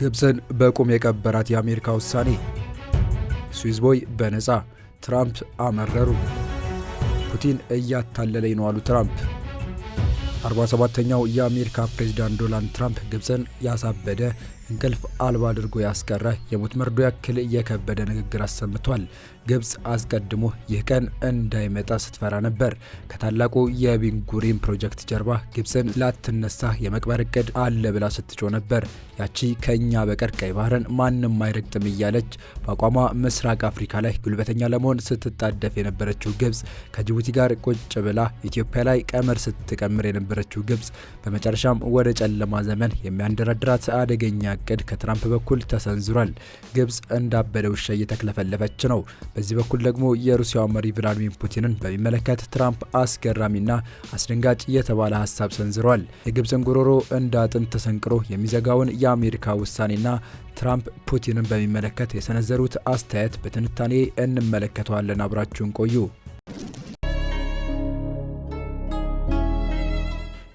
ግብፅን በቁም የቀበራት የአሜሪካ ውሳኔ፣ ስዊዝ ቦይ በነፃ ትራምፕ አመረሩ። ፑቲን እያታለለኝ ነው አሉ ትራምፕ። 47ተኛው የአሜሪካ ፕሬዝዳንት ዶናልድ ትራምፕ ግብፅን ያሳበደ እንቅልፍ አልባ አድርጎ ያስቀረ የሞት መርዶ ያክል የከበደ ንግግር አሰምቷል። ግብጽ አስቀድሞ ይህ ቀን እንዳይመጣ ስትፈራ ነበር። ከታላቁ የቢንጉሪን ፕሮጀክት ጀርባ ግብጽን ላትነሳ የመቅበር እቅድ አለ ብላ ስትጮ ነበር። ያቺ ከእኛ በቀር ቀይ ባህርን ማንም አይረግጥም እያለች በአቋሟ ምስራቅ አፍሪካ ላይ ጉልበተኛ ለመሆን ስትጣደፍ የነበረችው ግብጽ ከጅቡቲ ጋር ቁጭ ብላ ኢትዮጵያ ላይ ቀመር ስትቀምር የነበረችው ግብጽ በመጨረሻም ወደ ጨለማ ዘመን የሚያንደረድራት አደገኛ እቅድ ከትራምፕ በኩል ተሰንዝሯል። ግብጽ እንዳበደ ውሻ እየተክለፈለፈች ነው። በዚህ በኩል ደግሞ የሩሲያው መሪ ቭላድሚር ፑቲንን በሚመለከት ትራምፕ አስገራሚና አስደንጋጭ የተባለ ሀሳብ ሰንዝሯል። የግብፅን ጉሮሮ እንደ አጥንት ተሰንቅሮ የሚዘጋውን የአሜሪካ ውሳኔና ትራምፕ ፑቲንን በሚመለከት የሰነዘሩት አስተያየት በትንታኔ እንመለከተዋለን። አብራችሁን ቆዩ።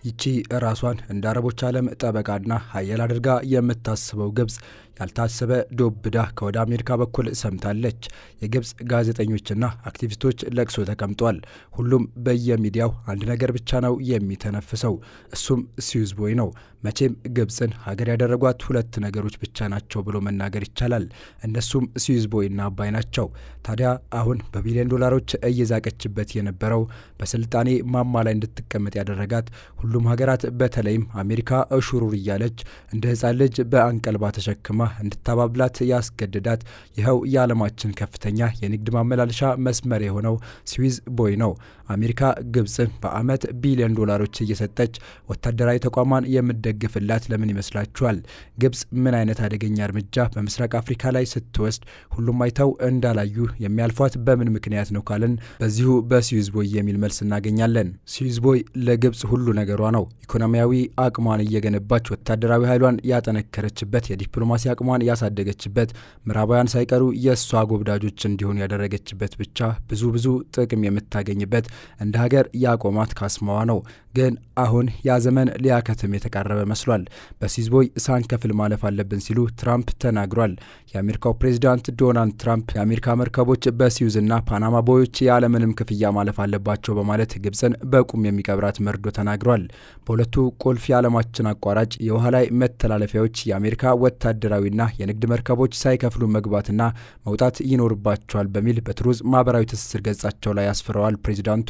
ይቺ ራሷን እንደ አረቦች ዓለም ጠበቃና ሀያል አድርጋ የምታስበው ግብፅ ያልታሰበ ዶብዳ ከወደ አሜሪካ በኩል ሰምታለች። የግብፅ ጋዜጠኞችና አክቲቪስቶች ለቅሶ ተቀምጧል። ሁሉም በየሚዲያው አንድ ነገር ብቻ ነው የሚተነፍሰው፣ እሱም ስዊዝ ቦይ ነው። መቼም ግብፅን ሀገር ያደረጓት ሁለት ነገሮች ብቻ ናቸው ብሎ መናገር ይቻላል። እነሱም ስዊዝ ቦይና አባይ ናቸው። ታዲያ አሁን በቢሊዮን ዶላሮች እየዛቀችበት የነበረው በስልጣኔ ማማ ላይ እንድትቀመጥ ያደረጋት ሁሉም ሀገራት በተለይም አሜሪካ እሹሩር እያለች እንደ ህፃን ልጅ በአንቀልባ ተሸክማ እንድታባብላት ያስገድዳት ይኸው የዓለማችን ከፍተኛ የንግድ ማመላለሻ መስመር የሆነው ስዊዝ ቦይ ነው። አሜሪካ ግብፅን በዓመት ቢሊዮን ዶላሮች እየሰጠች ወታደራዊ ተቋሟን የምደግፍላት ለምን ይመስላችኋል? ግብፅ ምን አይነት አደገኛ እርምጃ በምስራቅ አፍሪካ ላይ ስትወስድ ሁሉም አይተው እንዳላዩ የሚያልፏት በምን ምክንያት ነው ካልን በዚሁ በስዊዝ ቦይ የሚል መልስ እናገኛለን። ስዊዝ ቦይ ለግብፅ ሁሉ ነገሯ ነው። ኢኮኖሚያዊ አቅሟን እየገነባች ወታደራዊ ኃይሏን ያጠነከረችበት የዲፕሎማሲ አቅሟን ያሳደገችበት፣ ምዕራባውያን ሳይቀሩ የእሷ ጎብዳጆች እንዲሆኑ ያደረገችበት ብቻ ብዙ ብዙ ጥቅም የምታገኝበት እንደ ሀገር ያቆማት ካስማዋ ነው። ግን አሁን ያ ዘመን ሊያከትም የተቃረበ መስሏል። በሲዝቦይ ሳንከፍል ማለፍ አለብን ሲሉ ትራምፕ ተናግሯል። የአሜሪካው ፕሬዚዳንት ዶናልድ ትራምፕ የአሜሪካ መርከቦች በሲዩዝና ፓናማ ቦዮች ያለምንም ክፍያ ማለፍ አለባቸው በማለት ግብፅን በቁም የሚቀብራት መርዶ ተናግሯል። በሁለቱ ቁልፍ የዓለማችን አቋራጭ የውሃ ላይ መተላለፊያዎች የአሜሪካ ወታደራዊ ባህላዊና የንግድ መርከቦች ሳይከፍሉ መግባትና መውጣት ይኖርባቸዋል በሚል በትሩዝ ማህበራዊ ትስስር ገጻቸው ላይ አስፍረዋል ፕሬዚዳንቱ።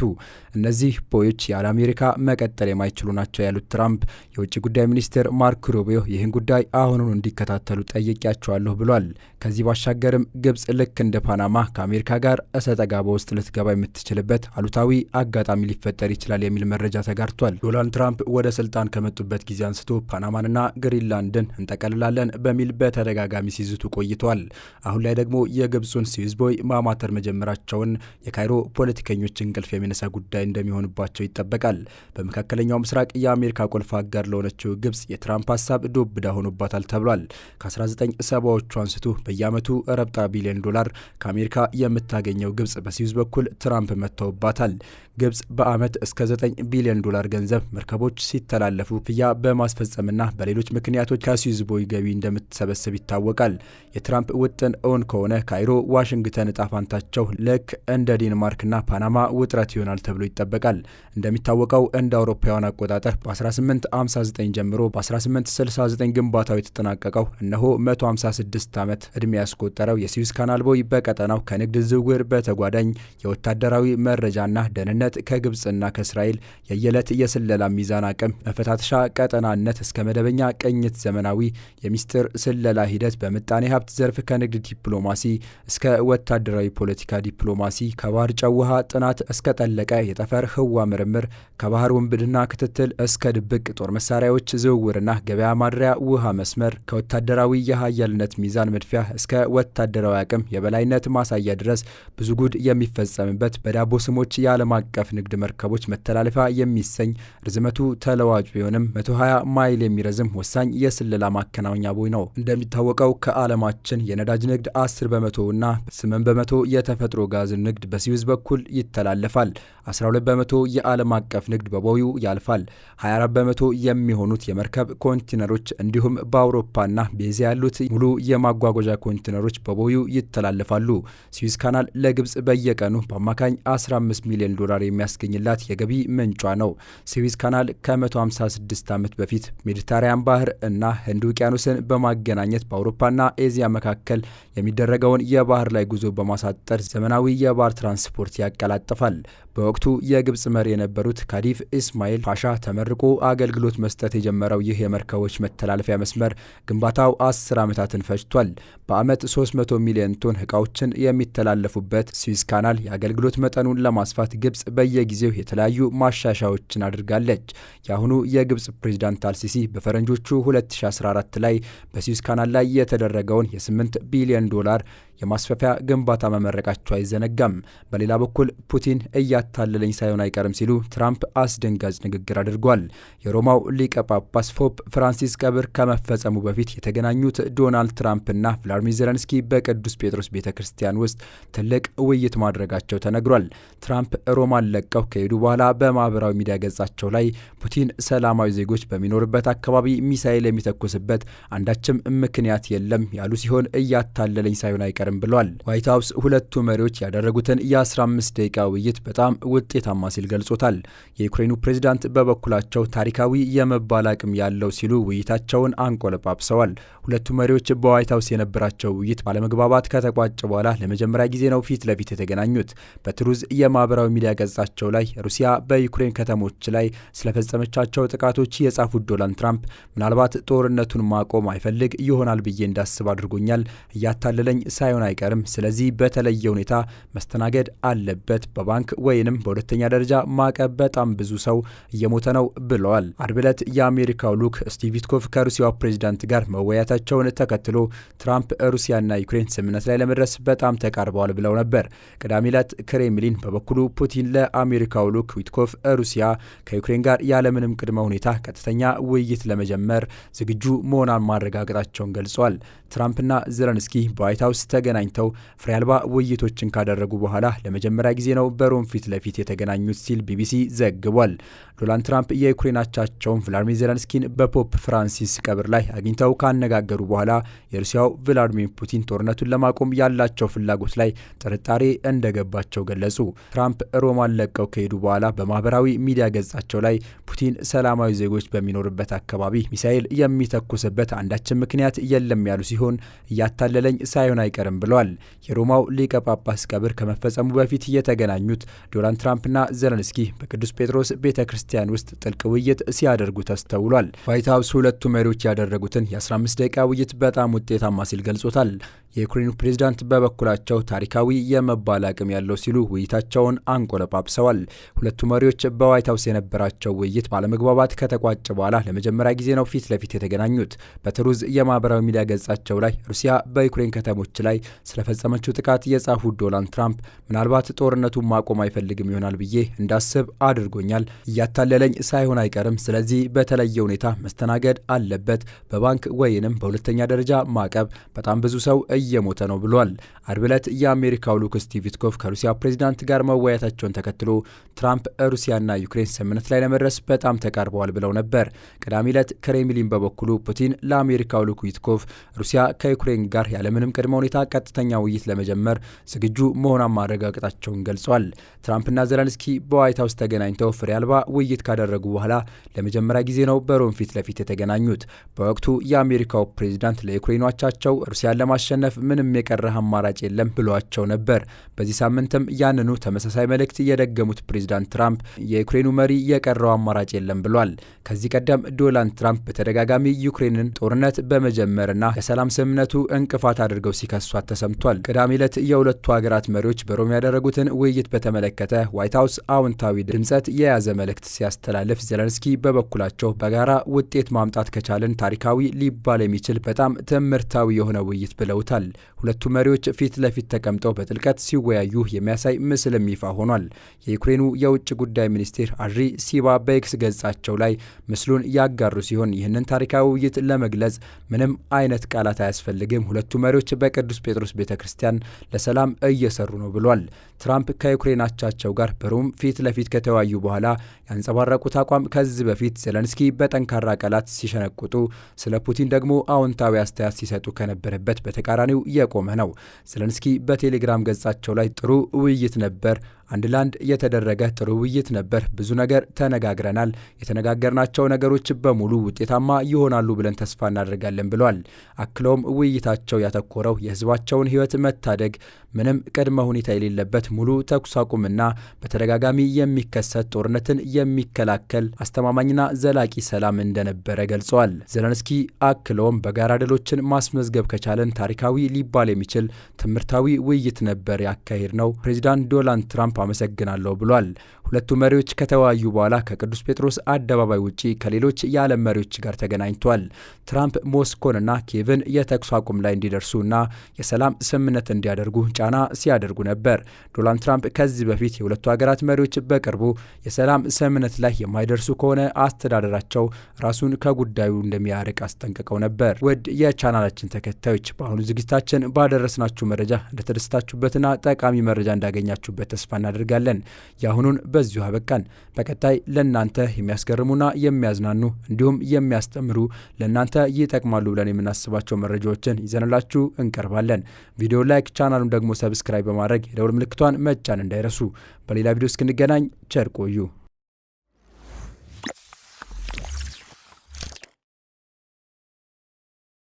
እነዚህ ቦዮች ያለ አሜሪካ መቀጠል የማይችሉ ናቸው ያሉት ትራምፕ የውጭ ጉዳይ ሚኒስትር ማርክ ሩቢዮ ይህን ጉዳይ አሁኑን እንዲከታተሉ ጠይቄያቸዋለሁ ብሏል። ከዚህ ባሻገርም ግብጽ ልክ እንደ ፓናማ ከአሜሪካ ጋር እሰጥ ውስጥ ልትገባ የምትችልበት አሉታዊ አጋጣሚ ሊፈጠር ይችላል የሚል መረጃ ተጋርቷል። ዶናልድ ትራምፕ ወደ ስልጣን ከመጡበት ጊዜ አንስቶ ፓናማንና ግሪንላንድን እንጠቀልላለን በሚል በተደጋጋሚ ሲዝቱ ቆይተዋል። አሁን ላይ ደግሞ የግብፁን ስዊዝ ቦይ ማማተር መጀመራቸውን የካይሮ ፖለቲከኞች እንቅልፍ የሚነሳ ጉዳይ እንደሚሆንባቸው ይጠበቃል። በመካከለኛው ምስራቅ የአሜሪካ ቁልፍ አጋር ለሆነችው ግብጽ የትራምፕ ሀሳብ ዱብ እዳ ሆኖባታል ተብሏል። ከ1970ዎቹ አንስቶ በየዓመቱ ረብጣ ቢሊዮን ዶላር ከአሜሪካ የምታገኘው ግብጽ በስዊዝ በኩል ትራምፕ መጥተውባታል። ግብጽ በዓመት እስከ 9 ቢሊዮን ዶላር ገንዘብ መርከቦች ሲተላለፉ ክፍያ በማስፈጸምና በሌሎች ምክንያቶች ከስዊዝ ቦይ ገቢ እንደምትሰበ እንደሚሰበስብ ይታወቃል። የትራምፕ ውጥን እውን ከሆነ ካይሮ፣ ዋሽንግተን እጣ ፋንታቸው ልክ እንደ ዴንማርክና ፓናማ ውጥረት ይሆናል ተብሎ ይጠበቃል። እንደሚታወቀው እንደ አውሮፓውያን አቆጣጠር በ1859 ጀምሮ በ1869 ግንባታው የተጠናቀቀው እነሆ 156 ዓመት ዕድሜ ያስቆጠረው የስዊዝ ካናል ቦይ በቀጠናው ከንግድ ዝውውር በተጓዳኝ የወታደራዊ መረጃና ደህንነት ከግብፅና ከእስራኤል የየዕለት የስለላ ሚዛን አቅም መፈታተሻ ቀጠናነት እስከ መደበኛ ቅኝት ዘመናዊ የሚስጥር ስለ የስለላ ሂደት በምጣኔ ሀብት ዘርፍ ከንግድ ዲፕሎማሲ እስከ ወታደራዊ ፖለቲካ ዲፕሎማሲ ከባህር ጨውሃ ጥናት እስከ ጠለቀ የጠፈር ህዋ ምርምር ከባህር ውንብድና ክትትል እስከ ድብቅ ጦር መሳሪያዎች ዝውውርና ገበያ ማድሪያ ውሃ መስመር ከወታደራዊ የሀያልነት ሚዛን መድፊያ እስከ ወታደራዊ አቅም የበላይነት ማሳያ ድረስ ብዙ ጉድ የሚፈጸምበት በዳቦ ስሞች የዓለም አቀፍ ንግድ መርከቦች መተላለፊያ የሚሰኝ ርዝመቱ ተለዋጭ ቢሆንም 120 ማይል የሚረዝም ወሳኝ የስለላ ማከናወኛ ቦይ ነው። እንደሚታወቀው ከዓለማችን የነዳጅ ንግድ 10 በመቶ እና 8 በመቶ የተፈጥሮ ጋዝ ንግድ በስዊዝ በኩል ይተላለፋል። 12 በመቶ የዓለም አቀፍ ንግድ በቦዩ ያልፋል። 24 በመቶ የሚሆኑት የመርከብ ኮንቴነሮች እንዲሁም በአውሮፓና በኤዚያ ያሉት ሙሉ የማጓጓዣ ኮንቴነሮች በቦዩ ይተላለፋሉ። ስዊዝ ካናል ለግብጽ በየቀኑ በአማካኝ 15 ሚሊዮን ዶላር የሚያስገኝላት የገቢ ምንጯ ነው። ስዊዝ ካናል ከ156 ዓመት በፊት ሜዲተራያን ባህር እና ህንድ ውቅያኖስን በማገ ለመገናኘት በአውሮፓና ኤዚያ መካከል የሚደረገውን የባህር ላይ ጉዞ በማሳጠር ዘመናዊ የባህር ትራንስፖርት ያቀላጥፋል። በወቅቱ የግብፅ መሪ የነበሩት ካዲፍ ኢስማኤል ፓሻ ተመርቆ አገልግሎት መስጠት የጀመረው ይህ የመርከቦች መተላለፊያ መስመር ግንባታው አስር ዓመታትን ፈጅቷል። በዓመት 300 ሚሊዮን ቶን እቃዎችን የሚተላለፉበት ስዊዝ ካናል የአገልግሎት መጠኑን ለማስፋት ግብፅ በየጊዜው የተለያዩ ማሻሻዎችን አድርጋለች። የአሁኑ የግብፅ ፕሬዚዳንት አልሲሲ በፈረንጆቹ 2014 ላይ በስዊዝ ካናል ላይ የተደረገውን የ8 ቢሊዮን ዶላር የማስፋፊያ ግንባታ መመረቃቸው አይዘነጋም። በሌላ በኩል ፑቲን እያታለለኝ ሳይሆን አይቀርም ሲሉ ትራምፕ አስደንጋጭ ንግግር አድርጓል። የሮማው ሊቀ ጳጳስ ፖፕ ፍራንሲስ ቀብር ከመፈጸሙ በፊት የተገናኙት ዶናልድ ትራምፕና ቭላድሚር ዜለንስኪ በቅዱስ ጴጥሮስ ቤተ ክርስቲያን ውስጥ ትልቅ ውይይት ማድረጋቸው ተነግሯል። ትራምፕ ሮማን ለቀው ከሄዱ በኋላ በማህበራዊ ሚዲያ ገጻቸው ላይ ፑቲን ሰላማዊ ዜጎች በሚኖርበት አካባቢ ሚሳኤል የሚተኩስበት አንዳችም ምክንያት የለም ያሉ ሲሆን እያታለለኝ ሳይሆን አይቀርም ብሏል። ዋይት ሀውስ ሁለቱ መሪዎች ያደረጉትን የ15 ደቂቃ ውይይት በጣም ውጤታማ ሲል ገልጾታል። የዩክሬኑ ፕሬዚዳንት በበኩላቸው ታሪካዊ የመባል አቅም ያለው ሲሉ ውይይታቸውን አንቆለጳጵሰዋል። ሁለቱ መሪዎች በዋይት ሀውስ የነበራቸው ውይይት ባለመግባባት ከተቋጨ በኋላ ለመጀመሪያ ጊዜ ነው ፊት ለፊት የተገናኙት። በትሩዝ የማህበራዊ ሚዲያ ገጻቸው ላይ ሩሲያ በዩክሬን ከተሞች ላይ ስለፈጸመቻቸው ጥቃቶች የጻፉት ዶናልድ ትራምፕ ምናልባት ጦርነቱን ማቆም አይፈልግ ይሆናል ብዬ እንዳስብ አድርጎኛል። እያታለለኝ ሳይሆን አይቀርም። ስለዚህ በተለየ ሁኔታ መስተናገድ አለበት። በባንክ ወይንም በሁለተኛ ደረጃ ማዕቀብ በጣም ብዙ ሰው እየሞተ ነው ብለዋል። አርብ ዕለት የአሜሪካው ሉክ ስቲቭ ዊትኮፍ ከሩሲያው ፕሬዚዳንት ጋር መወያየታቸውን ተከትሎ ትራምፕ ሩሲያና ዩክሬን ስምምነት ላይ ለመድረስ በጣም ተቃርበዋል ብለው ነበር። ቅዳሜ ዕለት ክሬምሊን በበኩሉ ፑቲን ለአሜሪካው ሉክ ዊትኮፍ ሩሲያ ከዩክሬን ጋር ያለምንም ቅድመ ሁኔታ ቀጥተኛ ውይይት ለመጀመር ዝግጁ መሆኗን ማረጋገጣቸው መሆናቸውን ገልጸዋል። ትራምፕና ዘለንስኪ በዋይት ሀውስ ተገናኝተው ፍሬ አልባ ውይይቶችን ካደረጉ በኋላ ለመጀመሪያ ጊዜ ነው በሮም ፊት ለፊት የተገናኙት ሲል ቢቢሲ ዘግቧል። ዶናልድ ትራምፕ የዩክሬን አቻቸውን ቭላድሚር ዜለንስኪን በፖፕ ፍራንሲስ ቀብር ላይ አግኝተው ካነጋገሩ በኋላ የሩሲያው ቭላድሚር ፑቲን ጦርነቱን ለማቆም ያላቸው ፍላጎት ላይ ጥርጣሬ እንደገባቸው ገለጹ። ትራምፕ ሮማን ለቀው ከሄዱ በኋላ በማህበራዊ ሚዲያ ገጻቸው ላይ ፑቲን ሰላማዊ ዜጎች በሚኖርበት አካባቢ ሚሳኤል የሚተኩስበት አንዳችን ምክንያት የለም ያሉ ሲሆን እያታለለኝ ሳይሆን አይቀርም ብለዋል። የሮማው ሊቀ ጳጳስ ቀብር ከመፈጸሙ በፊት የተገናኙት ዶናልድ ትራምፕና ዘለንስኪ በቅዱስ ጴጥሮስ ቤተ ክርስቲያን ክርስቲያን ውስጥ ጥልቅ ውይይት ሲያደርጉ ተስተውሏል። ዋይት ሀውስ ሁለቱ መሪዎች ያደረጉትን የ15 ደቂቃ ውይይት በጣም ውጤታማ ሲል ገልጾታል። የዩክሬኑ ፕሬዝዳንት በበኩላቸው ታሪካዊ የመባል አቅም ያለው ሲሉ ውይይታቸውን አንቆለጳጵሰዋል። ሁለቱ መሪዎች በዋይት ሀውስ የነበራቸው ውይይት ባለመግባባት ከተቋጨ በኋላ ለመጀመሪያ ጊዜ ነው ፊት ለፊት የተገናኙት። በትሩዝ የማህበራዊ ሚዲያ ገጻቸው ላይ ሩሲያ በዩክሬን ከተሞች ላይ ስለፈጸመችው ጥቃት የጻፉ ዶናልድ ትራምፕ ምናልባት ጦርነቱን ማቆም አይፈልግም ይሆናል ብዬ እንዳስብ አድርጎኛል። እያታለለኝ ሳይሆን አይቀርም። ስለዚህ በተለየ ሁኔታ መስተናገድ አለበት። በባንክ ወይንም በሁለተኛ ደረጃ ማዕቀብ በጣም ብዙ ሰው እየሞተ ነው ብሏል። አርብ ዕለት የአሜሪካው ሉክስ ቲቪትኮቭ ከሩሲያ ፕሬዚዳንት ጋር መወያየታቸውን ተከትሎ ትራምፕ ሩሲያና ዩክሬን ስምምነት ላይ ለመድረስ በጣም ተቃርበዋል ብለው ነበር። ቅዳሜ ዕለት ክሬምሊን በበኩሉ ፑቲን ለአሜሪካው ሉክዊትኮቭ ሩሲያ ከዩክሬን ጋር ያለምንም ቅድመ ሁኔታ ቀጥተኛ ውይይት ለመጀመር ዝግጁ መሆኗን ማረጋገጣቸውን ገልጿል። ትራምፕና ዘለንስኪ በዋይት ሀውስ ተገናኝተው ፍሬ አልባ ውይይት ካደረጉ በኋላ ለመጀመሪያ ጊዜ ነው በሮም ፊት ለፊት የተገናኙት። በወቅቱ የአሜሪካው ፕሬዚዳንት ለዩክሬኖቻቸው ሩሲያን ለማሸነፍ ለማለፍ ምንም የቀረህ አማራጭ የለም ብሏቸው ነበር። በዚህ ሳምንትም ያንኑ ተመሳሳይ መልእክት የደገሙት ፕሬዚዳንት ትራምፕ የዩክሬኑ መሪ የቀረው አማራጭ የለም ብሏል። ከዚህ ቀደም ዶናልድ ትራምፕ በተደጋጋሚ ዩክሬንን ጦርነት በመጀመርና ከሰላም ስምምነቱ እንቅፋት አድርገው ሲከሷት ተሰምቷል። ቅዳሜ ዕለት የሁለቱ ሀገራት መሪዎች በሮም ያደረጉትን ውይይት በተመለከተ ዋይት ሀውስ አዎንታዊ ድምጸት የያዘ መልእክት ሲያስተላልፍ፣ ዜለንስኪ በበኩላቸው በጋራ ውጤት ማምጣት ከቻልን ታሪካዊ ሊባል የሚችል በጣም ትምህርታዊ የሆነ ውይይት ብለውታል። ተደርጓል። ሁለቱ መሪዎች ፊት ለፊት ተቀምጠው በጥልቀት ሲወያዩ የሚያሳይ ምስልም ይፋ ሆኗል። የዩክሬኑ የውጭ ጉዳይ ሚኒስቴር አድሪ ሲባ በኤክስ ገጻቸው ላይ ምስሉን ያጋሩ ሲሆን ይህንን ታሪካዊ ውይይት ለመግለጽ ምንም አይነት ቃላት አያስፈልግም፣ ሁለቱ መሪዎች በቅዱስ ጴጥሮስ ቤተ ክርስቲያን ለሰላም እየሰሩ ነው ብሏል። ትራምፕ ከዩክሬን አቻቸው ጋር በሮም ፊት ለፊት ከተወያዩ በኋላ ያንጸባረቁት አቋም ከዚህ በፊት ዜለንስኪ በጠንካራ ቃላት ሲሸነቁጡ፣ ስለ ፑቲን ደግሞ አዎንታዊ አስተያየት ሲሰጡ ከነበረበት በተቃራኒ በተቃራኒው የቆመ ነው። ዘለንስኪ በቴሌግራም ገጻቸው ላይ ጥሩ ውይይት ነበር አንድ ለአንድ የተደረገ ጥሩ ውይይት ነበር። ብዙ ነገር ተነጋግረናል። የተነጋገርናቸው ነገሮች በሙሉ ውጤታማ ይሆናሉ ብለን ተስፋ እናደርጋለን ብሏል። አክለውም ውይይታቸው ያተኮረው የህዝባቸውን ህይወት መታደግ፣ ምንም ቅድመ ሁኔታ የሌለበት ሙሉ ተኩስ አቁምና በተደጋጋሚ የሚከሰት ጦርነትን የሚከላከል አስተማማኝና ዘላቂ ሰላም እንደነበረ ገልጸዋል። ዘለንስኪ አክለውም በጋራ ድሎችን ማስመዝገብ ከቻለን ታሪካዊ ሊባል የሚችል ትምህርታዊ ውይይት ነበር ያካሄድ ነው። ፕሬዚዳንት ዶናልድ ትራምፕ ትራምፕ አመሰግናለሁ ብሏል። ሁለቱ መሪዎች ከተወያዩ በኋላ ከቅዱስ ጴጥሮስ አደባባይ ውጪ ከሌሎች የዓለም መሪዎች ጋር ተገናኝቷል። ትራምፕ ሞስኮንና ኪየቭን የተኩስ አቁም ላይ እንዲደርሱ እና የሰላም ስምምነት እንዲያደርጉ ጫና ሲያደርጉ ነበር። ዶናልድ ትራምፕ ከዚህ በፊት የሁለቱ ሀገራት መሪዎች በቅርቡ የሰላም ስምምነት ላይ የማይደርሱ ከሆነ አስተዳደራቸው ራሱን ከጉዳዩ እንደሚያርቅ አስጠንቅቀው ነበር። ውድ የቻናላችን ተከታዮች በአሁኑ ዝግጅታችን ባደረስናችሁ መረጃ እንደተደስታችሁበትና ጠቃሚ መረጃ እንዳገኛችሁበት ተስፋ እናደርጋለን። የአሁኑን በዚሁ አበቃን። በቀጣይ ለእናንተ የሚያስገርሙና የሚያዝናኑ እንዲሁም የሚያስተምሩ ለእናንተ ይጠቅማሉ ብለን የምናስባቸው መረጃዎችን ይዘንላችሁ እንቀርባለን። ቪዲዮ ላይክ፣ ቻናሉን ደግሞ ሰብስክራይብ በማድረግ የደውል ምልክቷን መጫን እንዳይረሱ። በሌላ ቪዲዮ እስክንገናኝ ቸር ቆዩ።